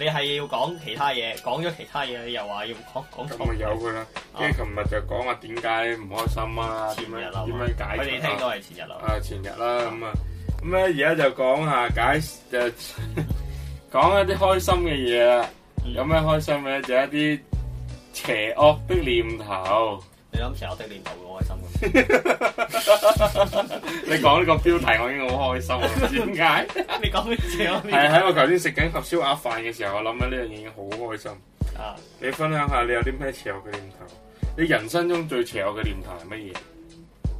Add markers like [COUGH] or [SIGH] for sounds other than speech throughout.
你係要講其他嘢，講咗其他嘢，你又話要講講錯。咁咪由佢啦。跟住琴日就講下點解唔開心啊？點樣點樣解釋？我哋聽到係前日啦。啊，前日啦咁啊。咁咧而家就講下解，就講一啲開心嘅嘢啦。有咩開心嘅就一啲邪惡的念頭。你諗邪我想的念頭會開心 [LAUGHS] 你講呢個標題我已經好開心唔 [LAUGHS] 知點解，你先講，係 [LAUGHS] 喺我頭先食緊盒燒鴨飯嘅時候，我諗緊呢樣嘢已經好開心啊！你分享下你有啲咩邪惡嘅念頭。你人生中最邪惡嘅念頭係乜嘢？誒、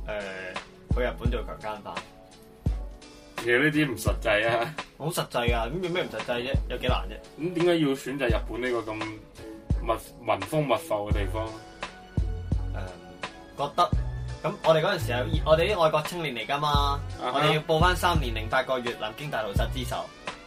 呃，去日本做強奸犯。其實呢啲唔實際啊！好實際啊！咁有咩唔實際啫？有幾難啫？咁點解要選擇日本呢個咁密民風密浮嘅地方？覺得咁，我哋嗰陣時候，我哋啲外國青年嚟噶嘛，啊、我哋要報翻三年零八個月南京大屠殺之仇。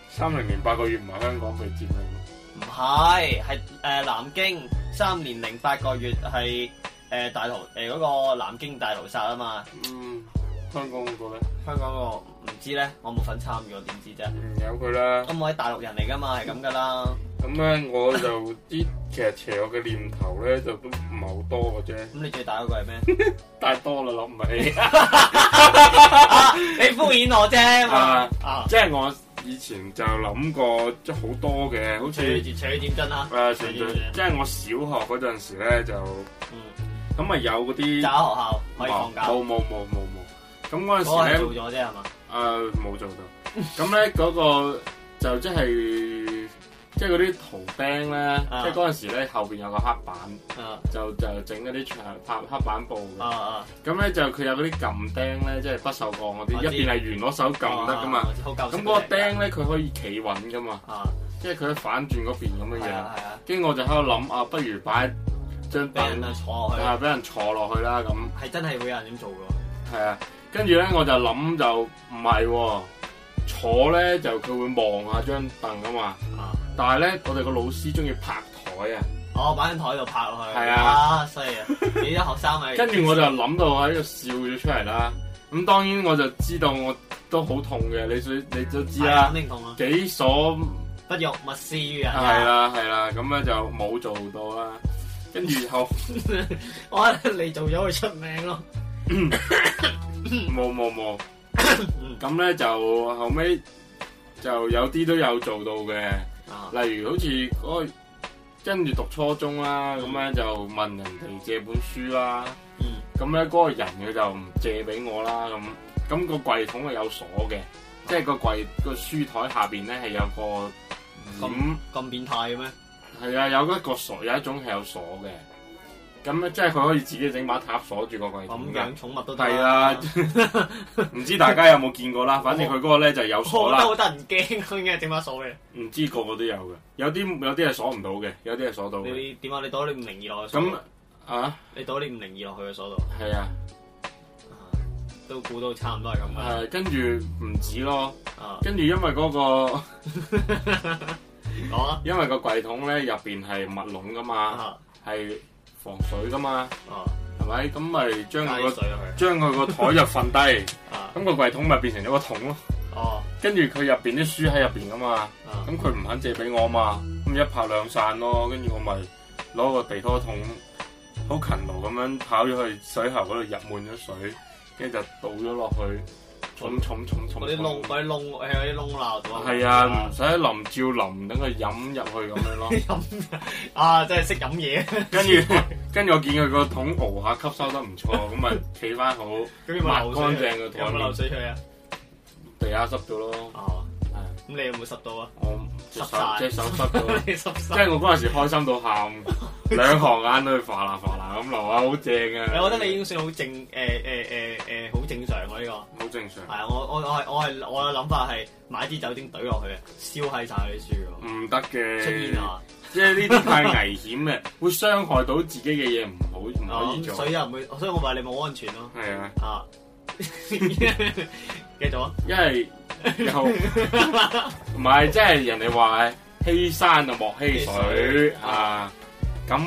三年零八個月唔係香港被佔領喎。唔係，係、呃、南京三年零八個月係、呃、大屠誒嗰個南京大屠殺啊嘛。嗯，香港嗰個咧，香港嗰、嗰個唔知咧，我冇份參與，我點知啫？唔由佢啦。咁我係大陸人嚟噶嘛，係咁噶啦。咁、嗯、咧，我就啲 [LAUGHS] 其實邪惡嘅念頭咧，就都唔係好多嘅啫。咁你最大嗰個係咩？ [LAUGHS] 大多啦，諗唔起。你敷衍我啫啊，啊即係我以前就諗過、啊呃啊呃，即係好多嘅，好似除咗點真啦。啊，除咗，即係我小學嗰陣時咧就，咁、嗯、啊有嗰啲。就學校可以放假。冇冇冇冇冇。咁嗰陣時咧、那個、做咗啫係嘛？啊、呃，冇做到。咁咧嗰個就即、就、係、是。即係嗰啲圖釘咧，即係嗰陣時咧，後邊有一個黑板，啊、就就整嗰啲牆黑板布咁咧、啊啊、就佢有嗰啲撳釘咧，即係不鏽鋼嗰啲，一邊係圓攞手撳得噶嘛。咁嗰個釘咧，佢可以企穩噶嘛，即係佢喺反轉嗰邊咁嘅樣。跟我就喺度諗啊，不如擺張凳俾人坐落去，俾人坐落去啦咁。係真係會有人咁做噶。係啊，跟住咧我就諗就唔係喎。坐咧就佢會望下張凳，啊嘛，啊但係咧我哋個老師中意拍台啊，哦，擺喺台度拍落去，係啊，犀利啊， [LAUGHS] 你啲學生咪，跟住我就諗到喺度笑咗出嚟啦，咁當然我就知道我都好痛嘅，你最你都知啦，肯定痛啊，己所不欲勿施於人，係啦係啦，咁咧、啊啊啊、就冇做到啦，跟住後 [LAUGHS] 我覺得你做咗佢出名咯 [LAUGHS] [LAUGHS] 冇冇冇。咁咧就後尾就有啲都有做到嘅，例如好似嗰個跟住讀初中啦，咁咧就問人哋借本書啦，咁咧嗰個人佢就唔借俾我啦，咁咁個櫃筒係有鎖嘅，即係個櫃個書台下邊咧係有個咁咁變態嘅咩？係啊，有一個鎖有一種係有鎖嘅。咁即係佢可以自己整把塔鎖住個櫃桶，養寵物都得。係啊，唔、啊、 [LAUGHS] 知大家有冇見過啦、啊。 [LAUGHS] 反正佢嗰個咧就係、有鎖啦。得好得人驚，佢應該整把鎖嘅。唔知個個都有嘅，有啲有啲係鎖唔到嘅，有啲係鎖到，鎖到。你點啊？你倒你五零二落去。咁啊？你倒你五零二落去嘅鎖度。係啊，都估到差唔多係咁、啊啊。跟住唔止咯。跟住因為嗰、那個、啊， [LAUGHS] [LAUGHS] 因為個櫃桶咧入邊係密籠噶嘛，係、啊。防水噶嘛，啊、係咪？咁咪將佢個水入去，將佢個台就瞓低，咁個櫃桶咪變成咗個桶咯。哦、啊，跟住佢入邊啲書喺入邊噶嘛，咁佢唔肯借俾我嘛，咁一拍兩散咯。跟住我咪攞個地拖桶，好勤勞咁樣跑咗去水喉嗰度，入滿咗水，跟住就倒咗落去。咁重重重嗰啲窿，嗰啲窿，誒嗰啲窿流咗。係啊，唔使淋照淋等佢飲入去咁樣咯。飲啊，真係識飲嘢。跟住，跟住我見佢個桶熬下吸收得唔錯，咁咪企翻好，抹乾淨個桶面。有冇漏水出啊？地下濕咗咯。哦，係。咁你有冇濕到啊？我。濕晒，手手即手濕咯，即係我嗰陣時開心到喊，兩 [LAUGHS] 行眼都嘩啦嘩啦咁流啊，好正啊！我覺得你已經算好正，誒誒誒誒，好、呃呃呃呃呃、正常噶呢個。好正常。係啊，我我我係我係我嘅諗法係買啲酒精懟落去啊，燒氣晒啲書唔得嘅。出煙啊！即係呢啲太危險嘅， [LAUGHS] 會傷害到自己嘅嘢，唔好唔可以做。唔、啊啊、會，所以我話你冇安全咯、啊。係啊。啊。繼 [LAUGHS] [LAUGHS] 續。耶。 [LAUGHS] 又唔係，即係人哋話係欺山就莫欺水，水啊！咁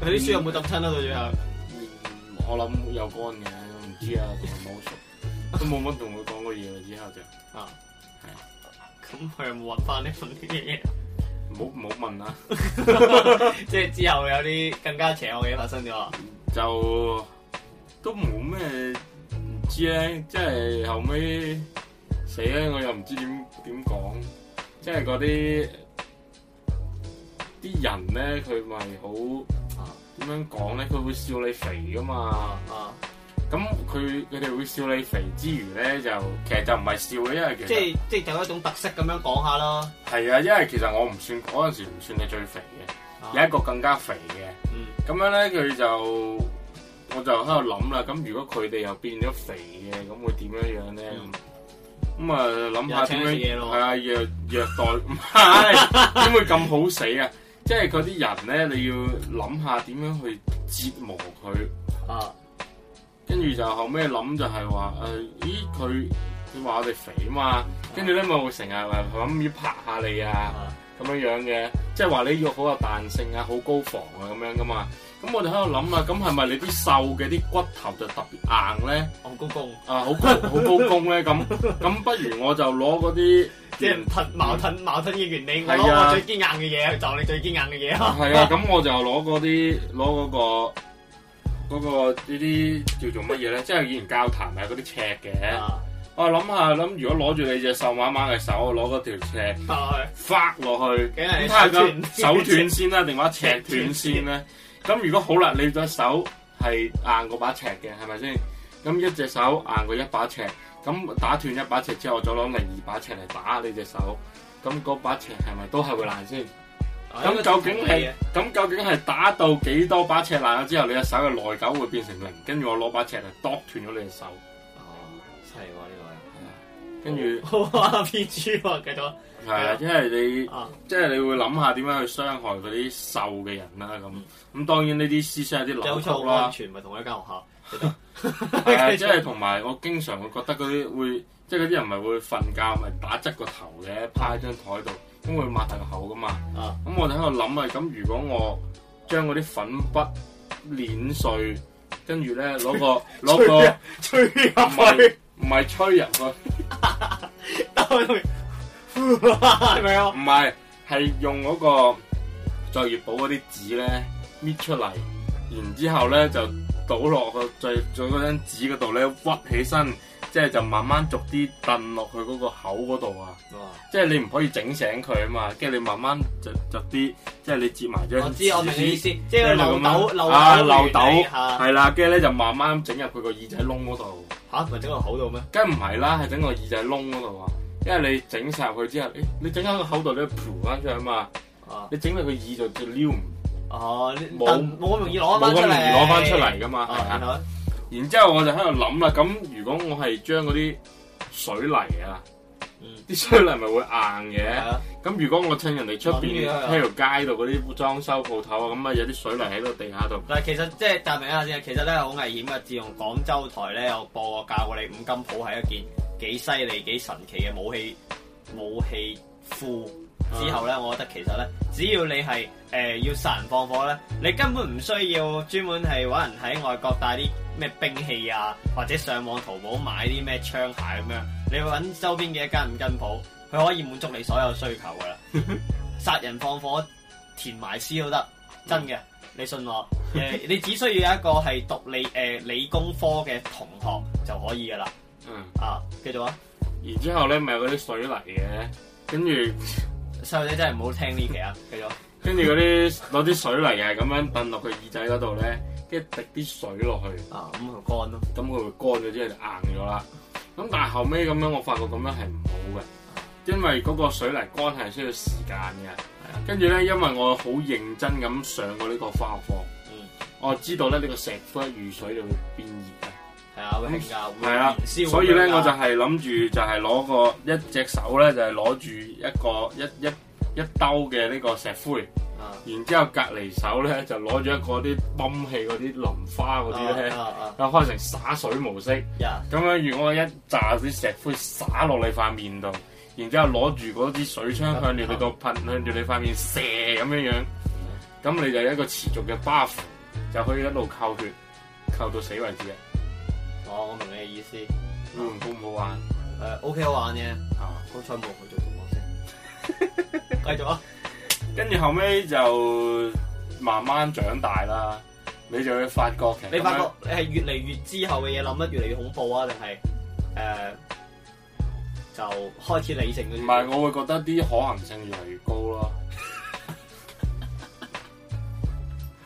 佢啲書有冇抌親啊？到他最後，嗯、我諗有乾嘅，唔知 [LAUGHS] 啊，同佢冇熟，都冇乜同佢講過嘢。之後就啊，咁佢有冇搵翻呢份嘢？唔好唔好問啦！即係之後有啲更加邪惡嘅嘢發生咗，就都冇咩唔知咧，即係後尾。死啦！我又唔知點點講，即係嗰啲啲人咧，佢咪好點樣講咧？佢會笑你肥噶嘛？啊！咁佢佢哋會笑你肥之餘咧，就其實就唔係笑嘅，因為其實即係即係就有一種特色咁樣講下咯。係啊，因為其實我唔算嗰陣時唔算係最肥嘅、啊，有一個更加肥嘅。嗯，咁樣咧佢就我就喺度諗啦。咁如果佢哋又變咗肥嘅，咁會點樣樣咧？嗯咁啊，諗下點樣？係啊，虐虐待，點 [LAUGHS] [LAUGHS] 會咁好死啊？即係嗰啲人咧，你要諗下點樣去折磨佢。啊！跟住就後尾諗就係話，誒、呃，咦，佢佢話我哋肥啊嘛，跟住咧咪會成日話諗要拍下你啊，咁、啊、樣樣嘅，即係話你肉好有彈性啊，好高防啊，咁樣噶嘛。咁我哋喺度諗啊，咁係咪你啲瘦嘅啲骨頭就特別硬咧？好、哦、高公啊，好好高公咧，咁咁不如我就攞嗰啲即係矛盾矛盾嘅原理，攞、啊、我最堅硬嘅嘢就你最堅硬嘅嘢。係啊，咁我就攞嗰啲攞嗰個嗰、嗰個呢啲、嗰個嗰個、叫做乜嘢咧？ [LAUGHS] 即係以前教談埋嗰啲尺嘅。我諗下諗，如果攞住你隻瘦蜢蜢嘅手，攞嗰條尺，發落去，咁睇下個手斷先啦，定話尺斷先咧？咁如果好啦，你隻手係硬過把尺嘅，係咪先？咁一隻手硬過一把尺，咁打斷一把尺之後再攞另二把尺嚟打你隻手，咁嗰把尺係咪都係會爛先？咁、啊、究竟係，咁、啊、究竟係打到幾多把尺爛咗之後你隻手嘅耐久會變成零？跟、嗯、住我攞把尺嚟剁斷咗你隻手？哦，犀利跟住 RPG，記得係啊，即係你，即係你會諗下點樣去傷害嗰啲瘦嘅人啦咁。咁、嗯、當然呢啲思想有啲扭曲啦。安全唔係同一間學校，係啊，啊，即係同埋我經常會覺得嗰啲會，即係嗰啲人唔係會瞓覺咪 [LAUGHS] 打側個頭嘅，趴喺張台度，咁會抹大個口噶嘛。咁我哋喺度諗啊，咁如果我將嗰啲粉筆碾碎，跟住咧攞個攞個吹入去，唔係吹入去。唔 [LAUGHS] 係，係用嗰個作業簿嗰啲紙咧搣出嚟，然之後咧就倒落去最最嗰張紙嗰度咧屈起身，即係就慢慢逐啲燉落去嗰個口嗰度啊。即係你唔可以整醒佢啊嘛，跟住你慢慢逐逐啲，即係你接埋張。我知我明你意思，即係個漏斗啊漏斗係啦，跟住咧就慢慢整入佢個耳仔窿嗰度。吓，唔係整個口度咩？梗係唔係啦，係整個耳仔窿嗰度啊。因為你整晒入去之後，欸、你整喺個口袋你又噗翻出啊嘛，啊你整到個耳就撩唔，哦，冇冇咁容易攞啊嘛，出、啊、嚟，嘛。然之後我就喺度諗啦，咁如果我係將嗰啲水泥啊，啲、嗯、水泥咪會硬嘅，咁如果我趁人哋出邊喺條街度嗰啲裝修鋪頭啊，咁啊有啲水泥喺度地下度，但係其實即係證明一下先，其實咧好危險噶，自從廣州台咧有播過教過你五金鋪係一件。幾犀利幾神奇嘅武器，武器庫，嗯、之後咧，我覺得其實咧，只要你係、呃、要殺人放火咧，你根本唔需要專門係揾人喺外國帶啲咩兵器啊，或者上網淘寶買啲咩槍械咁、啊、樣，你會揾周邊嘅一間五金鋪，佢可以滿足你所有需求噶啦。 [LAUGHS] 殺人放火填埋屍都得，真嘅、嗯，你信我、呃。你只需要有一個係讀理誒、呃、理工科嘅同學就可以噶啦。嗯啊，繼續啊！然之後咧，咪有嗰啲水泥嘅，跟住細路仔真係唔好聽呢期啊！繼續。跟住嗰啲攞啲水泥啊，咁樣抌落佢耳仔嗰度咧，跟住滴啲水落去。啊，咁佢乾咯。咁佢會乾咗、啊、之後就硬咗啦。咁但係後尾咁樣，我發覺咁樣係唔好嘅，因為嗰個水泥乾係需要時間嘅。跟住咧，因為我好認真咁上過呢個化學課，嗯，我知道咧呢個石灰遇水就會變熱啊。係啊，會 [NOISE] 興樂所以咧，我就係諗住就係攞個一隻手咧，就係攞住一個一一一兜嘅呢個石灰，uh -huh. 然之後隔籬手咧就攞住一個啲泵氣嗰啲淋花嗰啲咧，uh -huh. Uh -huh. 開成灑水模式，咁樣如果一炸啲石灰灑落你塊面度，然之後攞住嗰支水槍向住你度噴，uh -huh. 噴向住你塊面射咁樣樣，咁你就有一個持續嘅 buff 就可以一路扣血，扣到死為止啊！我、哦、我明白你嘅意思，嗯，好、嗯、唔好玩？誒，O K，好玩嘅。啊、uh, 嗯，好彩冇去做同學先，繼 [LAUGHS] 續啊！跟住後尾就慢慢長大啦，你就會發覺其實你發覺你係越嚟越之後嘅嘢諗得越嚟越恐怖啊？定係誒，uh, 就開始理性咁。唔係，我會覺得啲可能性越嚟越高咯， [LAUGHS]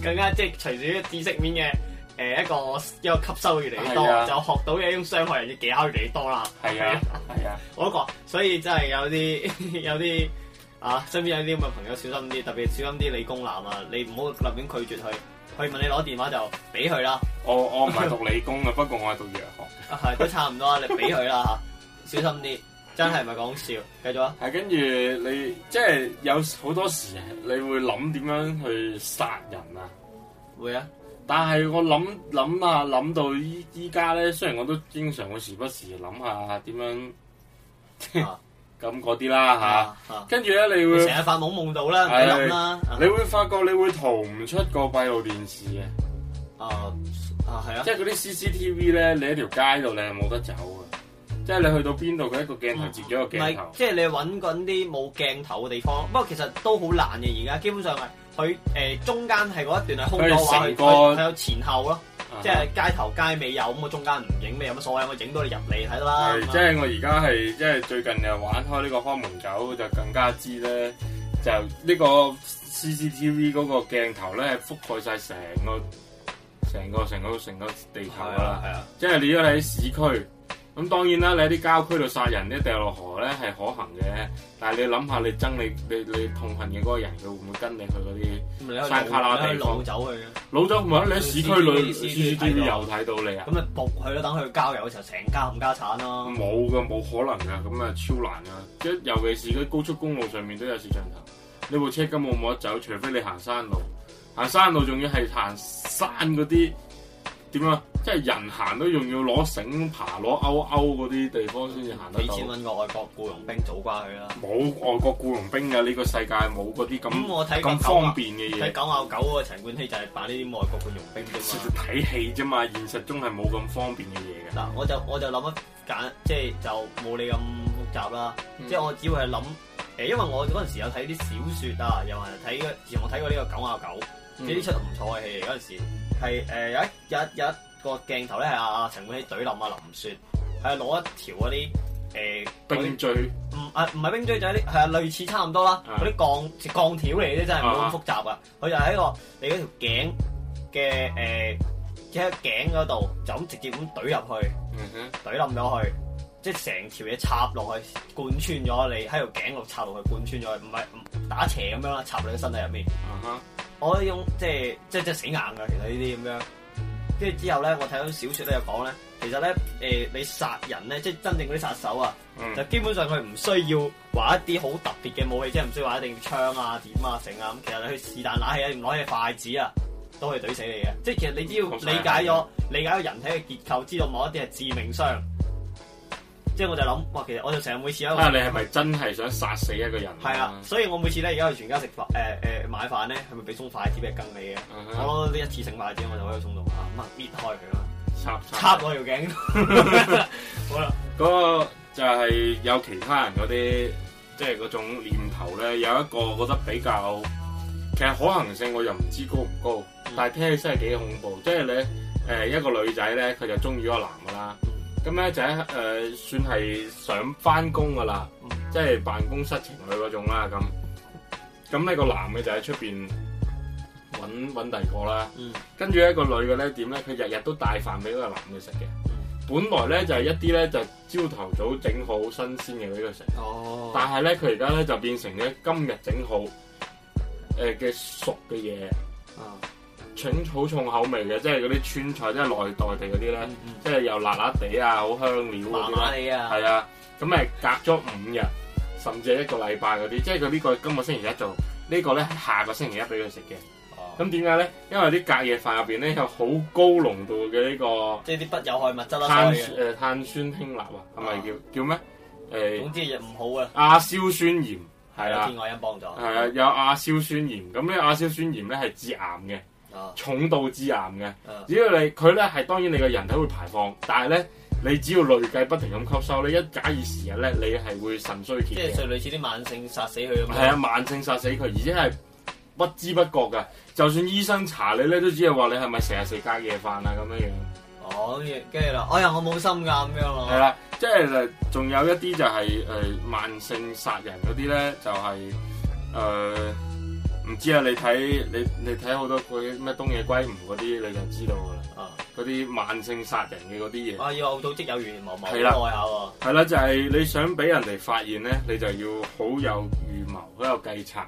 [LAUGHS] 更加即係隨住啲知識面嘅。誒一個一個吸收的越嚟越多，啊，就學到嘅一種傷害人嘅技巧越嚟越多啦。係啊，係啊，我都覺，所以真係有啲有啲啊，身邊有啲咁嘅朋友小心啲，特別小心啲理工男啊！你唔好立亂拒絕佢，佢問你攞電話就俾佢啦。我我唔係讀理工嘅， [LAUGHS] 不過我係讀藥學。 [LAUGHS] 啊，都差唔多了，你俾佢啦嚇， [LAUGHS] 小心啲，真係唔係講笑。繼續啊。係跟住你，即係有好多時，你會諗點樣去殺人啊？會啊。但係我諗諗啊諗到依依家咧，雖然我都經常會時不時諗下點樣咁嗰啲啦吓，跟住咧，你會成日發夢夢到啦，唔使諗啦。你會發覺你會逃唔出個閉路電視嘅。啊啊係啊！即係啲 CCTV 咧，你喺條街度你係冇得走嘅。即係你去到邊度，佢一個鏡頭接咗一個鏡頭。嗯、唔係即係你揾緊啲冇鏡頭嘅地方。不過其實都好難嘅，而家基本上係佢、呃、中間係嗰一段係空檔畫。佢佢有前後咯、嗯，即係街頭街尾有咁，我中間唔影咩有乜所謂？我影到你入嚟睇啦。係、嗯，即係我而家係即係最近又玩開呢個看門狗，就更加知咧，就呢個 CCTV 嗰個鏡頭咧覆蓋曬成個成個成個成個地球啦。係啊，啊，即係你如果你喺市區咁當然啦，你喺啲郊區度殺人咧，掉落河咧係可行嘅。但係你諗下，你憎你你你痛恨嘅嗰個人，佢會唔會跟你去嗰啲山旮旯地方，老走唔係，你喺市區裏面，攝像頭又睇到，到你啊！咁咪僕佢咯，等佢郊遊嘅時候，成家冚家鏟咯、啊。冇噶，冇可能噶，咁啊超難啊！即尤其是嗰高速公路上面都有攝像頭，呢部車根本冇得走，除非你行山路。行山路仲要係行山嗰啲。點啊！即係人行都仲要攞繩爬攞勾勾嗰啲地方先至行到。夠。幾千蚊個外國僱傭兵早瓜去啦！冇外國僱傭兵噶呢、呢個世界冇嗰啲咁咁方便嘅嘢。睇九啊九嗰個陳冠希就係扮呢啲外國僱傭兵啫嘛。其實睇戲啫嘛，現實中係冇咁方便嘅嘢嘅。嗱，我就我就諗一揀，即係就冇你咁雜啦。即、嗯、係、即係、我只會係諗誒，因為我嗰陣時有睇啲小說啊，又係睇嘅，而我睇過呢個九啊九，呢啲出唔錯嘅戲嚟嗰陣時。係誒、呃、有一有一個鏡頭咧係阿阿陳冠希懟冧阿林雪，係攞、啊、一條嗰啲誒冰錐、嗯，唔啊唔係冰錐就係啲係啊類似差唔多啦，嗰、啊、啲鋼鋼條嚟嘅真係冇咁複雜啊，啊，佢就喺個你嗰條頸嘅即喺個頸嗰度就咁直接咁懟入去，懟冧咗去，即係成條嘢插落去貫穿咗你喺條頸度插落去貫穿咗，唔係打斜咁樣啦，插落你身體入面。啊啊我用即係即係即係死硬噶，其實呢啲咁樣。跟住之後咧，我睇到小説咧有講咧，其實咧誒你殺人咧，即係真正嗰啲殺手啊，嗯、就基本上佢唔需要話一啲好特別嘅武器，即係唔需要話一定要槍啊、點啊、成啊。咁其實你去是但拿起一攞起筷子啊，都係懟死你嘅。即係其實你只要理解咗理解咗人體嘅結構，知道某一啲係致命傷。即係我就諗，哇！其實我就成日每次啊，你係咪真係想殺死一個人，啊？係啊，所以我每次咧，而家去全家食飯，誒、呃、誒、呃、買飯咧，係咪俾送筷子俾你嘅、嗯？我攞呢一次性筷子，我就可以衝到嚇，擘、啊、搣開佢啦，插插，插我條頸。 [LAUGHS] [LAUGHS] 好啦，嗰、那個就係有其他人嗰啲，即係嗰種念頭咧，有一個我覺得比較，其實可行性我又唔知高唔高，但係聽起身係幾恐怖。即係你誒一個女仔咧，佢就中意咗個男噶啦。咁咧就係算係想翻工噶啦，即係辦公室情侶嗰種啦咁。咁呢個男嘅就喺出邊揾揾第二個啦。跟住咧個女嘅咧點咧？佢日日都帶飯俾嗰個男嘅食嘅。本來咧就係一啲咧就朝頭早整好新鮮嘅俾佢食。哦。但係咧佢而家咧就變成咧今日整好誒嘅、呃、熟嘅嘢。啊。好重口味嘅，即係嗰啲川菜，即係內地嗰啲咧，即係又辣辣地啊，好香料嗰啲啊。咁誒隔咗五日，甚至係一個禮拜嗰啲，即係佢呢個今個星期一做呢、這個咧，下個星期一俾佢食嘅。咁點解咧？因為啲隔夜飯入邊咧有好高濃度嘅呢、這個，即係啲不有害物質啦、啊。碳誒碳酸氫鈉啊，係咪叫叫咩？誒、呃，總之係唔好啊。亞硝酸鹽係啦、啊，有天愛欣幫助係啊，有亞硝酸鹽，咁呢亞硝酸鹽咧係致癌嘅。重度致癌嘅，只要你佢咧，係，當然你嘅人體會排放，但係咧你只要累計不停咁吸收咧，一假以時日咧，你係會腎衰竭嘅。即係就類似啲慢性殺死佢啊。係啊，慢性殺死佢，而且係不知不覺噶，就算醫生查你咧，都只係話你係咪成日食隔夜飯啊，咁樣樣。哦，跟住啦，哎呀，我冇心噶咁樣咯。係啦，即係誒，仲有一啲就係、是、誒、呃，慢性殺人嗰啲咧，就係、是、誒。呃唔知啊，你睇你你睇好多啲咩東野圭吾嗰啲，你就知道噶啦啊！嗰啲慢性殺人嘅嗰啲嘢啊，要有組織有預謀耐下喎。係啦，就係、是、你想俾人哋發現咧，你就要好有預謀、好有計策，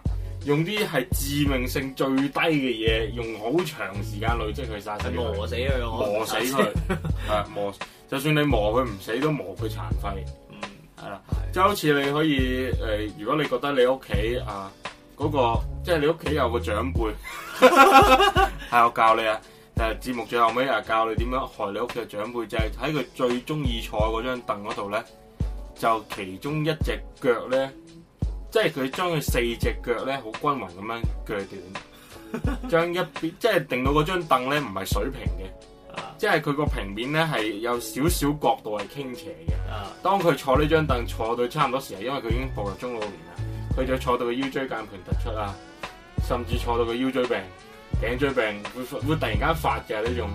用啲係致命性最低嘅嘢，用好長時間累積佢殺死佢磨死佢，磨死佢， [LAUGHS] 係磨。就算你磨佢唔死，都磨佢殘廢。嗯，係啦，即係好似你可以、呃、如果你覺得你屋企啊嗰、嗰個。即係你屋企有個長輩， [LAUGHS] [LAUGHS] 係我教你啊！誒、呃，節目最後尾啊，教你點樣害你屋企嘅長輩，就係喺佢最中意坐嗰張凳嗰度咧，就其中一隻腳咧，即係佢將佢四隻腳咧，好均勻咁樣鋸短，將一邊 [LAUGHS] 即係定到嗰張凳咧，唔係水平嘅，即係佢個平面咧係有少少角度係傾斜嘅。當佢坐呢張凳坐到差唔多時啊，因為佢已經步入中老年啦。佢就坐到個腰椎間盤突出啊，甚至坐到個腰椎病、頸椎病會會突然間發嘅呢種，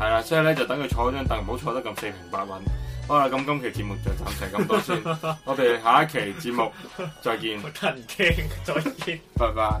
係啦，所以咧就等佢坐嗰張凳，唔好坐得咁四平八穩。好啦，咁今期節目就暫時咁多先， [LAUGHS] 我哋下一期節目 [LAUGHS] 再見。我真驚，再見，拜拜。